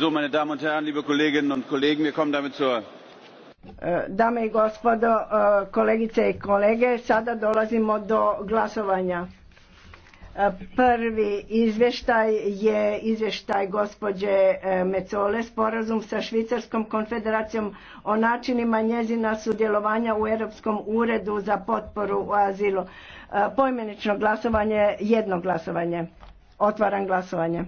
So, meine Damen und Herren, liebe Kolleginnen und Kollegen, wir kommen damit zur e, Dame i gospodo, e, kolegice i kolege, sada dolazimo do glasovanja. Prvi izvještaj je izvještaj gospođe e, Mecole, sporazum sa Švicarskom konfederacijom o načinima njezina sudjelovanja u Europskom uredu za potporu u azilu. E, Pojmenično glasovanje, jedno glasovanje. Otvaram glasovanje.